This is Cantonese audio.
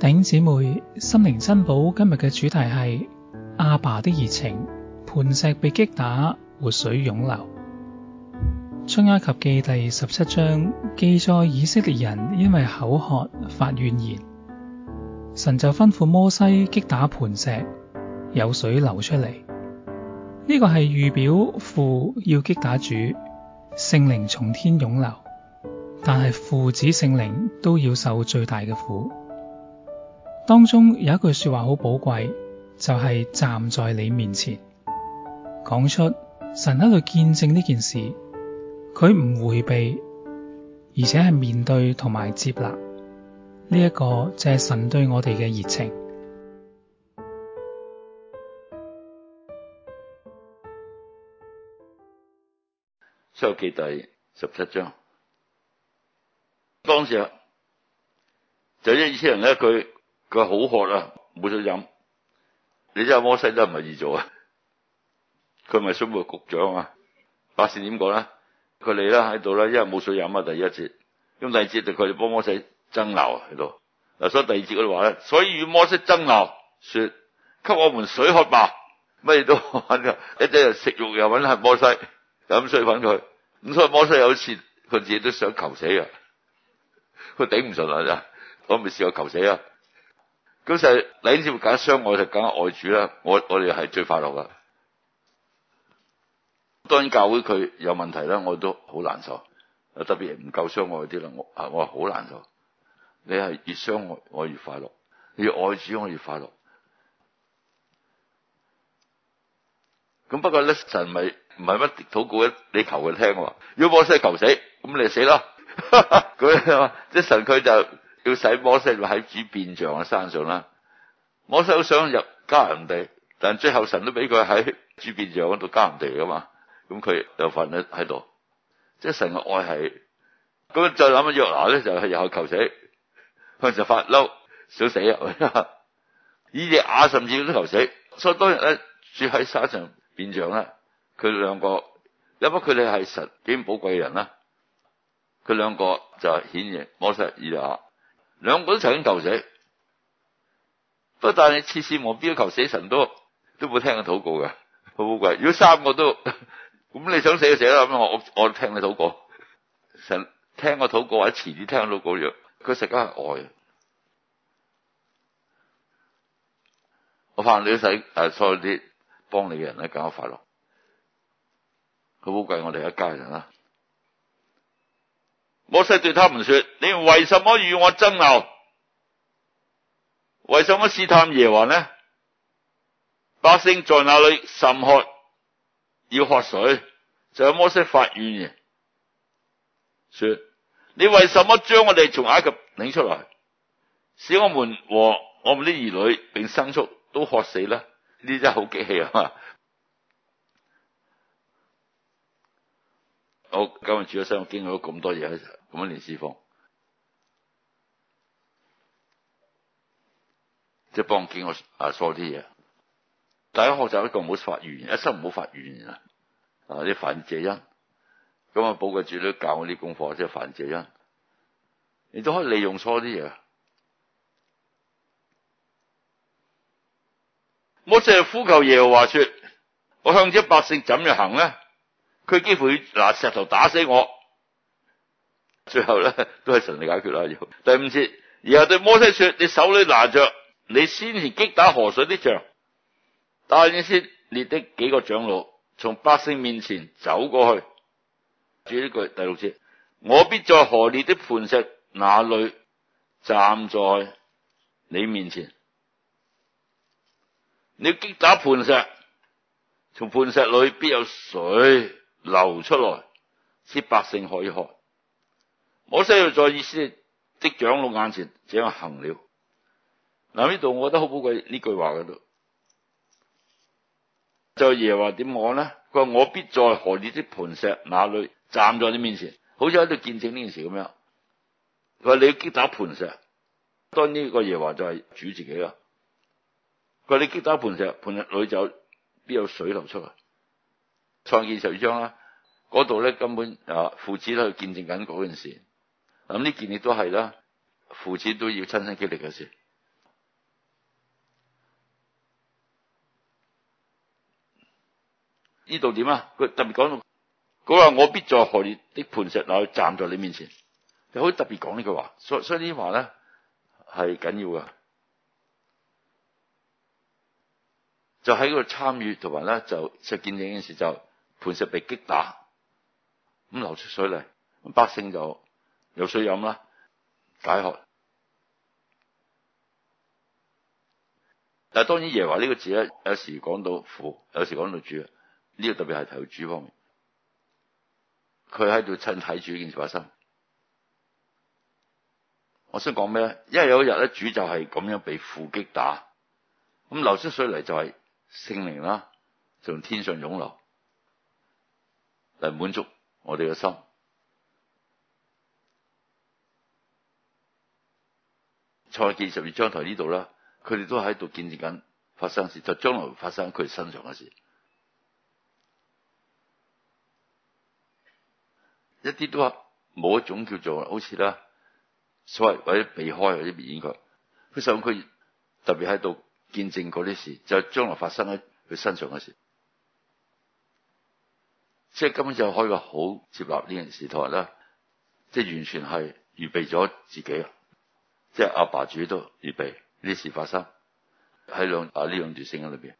頂姊妹心靈珍寶今日嘅主題係阿爸的熱情。磐石被擊打，活水湧流。出埃及記第十七章記載，以色列人因為口渴發怨言，神就吩咐摩西擊打磐石，有水流出嚟。呢、這個係預表父要擊打主，聖靈從天湧流，但係父子聖靈都要受最大嘅苦。當中有一句說話好寶貴，就係、是、站在你面前講出神喺度見證呢件事，佢唔回避，而且係面對同埋接納呢一個，就係神對我哋嘅熱情。出埃及記第十七章，當時呀，就一、是、千人一句。」佢好渴啊，冇水飲。你知阿摩西都唔係易做啊，佢咪水務局長啊？百姓點講咧？佢嚟啦喺度啦，因為冇水飲啊，第一節。咁第二節就佢哋幫摩西爭鬧喺度。嗱，所以第二節佢話咧，所以與摩西爭鬧，說給我們水喝吧。乜嘢都揾嘅，一即係食肉又揾阿摩西，飲水揾佢。咁所以摩西有次佢自己都想求死啊，佢頂唔順啊！我咪試過求死啊。咁就係你只要揀得相愛就揀愛主啦，我我哋係最快樂噶。當然教會佢有問題啦，我都好難受，特別唔夠相愛嗰啲啦，我我好難受。你係越相愛我越快樂，你要愛主我越快樂。咁不過呢，神咪唔係乜禱告咧？你求佢聽喎，如果我真求死，咁你死啦。佢即係神佢就。要使摩西喺主變象嘅山上啦，摩西想入加人哋，但最後神都俾佢喺主變象嗰度加人哋噶嘛，咁佢又瞓喺喺度，即係神嘅愛係。咁就諗咗約拿咧，就係、是、又求死，佢就發嬲想死入啊！ 以利亞甚至都求死，所以當日咧住喺山上變象啦，佢兩個，因為佢哋係神幾寶貴嘅人啦，佢兩個就顯形，摩西以利兩個都曾經求死，不但你次次我要求死神，都都冇聽過禱告嘅，好寶貴。如果三個都咁，咁你想死就死啦。咁我我聽你禱告，神聽我禱告或者遲啲聽到禱告樣，佢實梗係愛。啊！我發現你都使誒，所有啲幫你嘅人咧，更加快樂。好寶貴我哋一家人啦。摩西對他們說：你為什麼與我爭拗？為什麼試探耶和華呢？百姓在那裡，甚渴要喝水，就向摩西發怨言，說：你為什麼將我哋從埃及領出來，使我們和我們的兒女並牲畜都渴死呢？呢真係好激氣啊！我今日住咗身，我經過咗咁多嘢，咁樣練思方，即係幫我經我啊疏啲嘢。大家學習一個唔好發怨言，一生唔好發怨言啊！啲凡事謝恩，咁啊，寶貴主都教我啲功課，即係凡事謝恩，你都可以利用疏啲嘢。唔好淨係呼求耶和華說：我向這百姓怎樣行呢？佢幾乎要拿石頭打死我，最後咧都係神嚟解決啦。第五次，然後對摩西說：你手裏拿着你先前擊打河水的杖。領以色列的幾個長老，從百姓面前走過去。注呢句第六次：「我必在何烈的磐石那裏，站在你面前。你要擊打磐石，從磐石裏必有水流出來，使百姓可以喝。摩西就在以色列的長老眼前這樣行了。嗱，呢度我覺得好寶貴呢句話度。就耶和華點講咧？佢話，我必在何烈的磐石那裏站在你面前，好似喺度見證呢件事咁樣。佢話，你要擊打磐石，當呢個耶和華就係主自己啦。佢話你擊打磐石，磐石裏就必有水流出嚟。創建十二章啦，嗰度咧根本啊父子都去見證緊嗰件事。咁呢件亦都係啦，父子都要親身經歷嘅事。呢度點啊？佢特別講到，佢話我必在何烈的磐石去站在你面前，佢好特別講呢句話。所所以話呢話咧係緊要嘅，就喺嗰度參與同埋咧就實見證嘅件事就。磐石被擊打，咁流出水嚟，百姓就有水飲啦，解渴。但當然耶華呢個字咧，有時講到父，有時講到主，呢個特別係提到主方面，佢喺度親睇主呢件事發生。我想講咩咧？因為有一日咧，主就係咁樣被父擊打，咁流出水嚟就係聖靈啦，從天上湧流。嚟滿足我哋嘅心。蔡健十二章台呢度啦，佢哋都喺度見證緊發生事，就將來發生佢身上嘅事，一啲都冇一種叫做好似啦，所謂或者避開或者避免佢。佢想佢特別喺度見證嗰啲事，就將來發生喺佢身上嘅事。即係根本就可以話好接納呢件事，同埋咧，即係完全係預備咗自己，即係阿爸主都預備呢事發生喺兩啊呢兩段聲音裏邊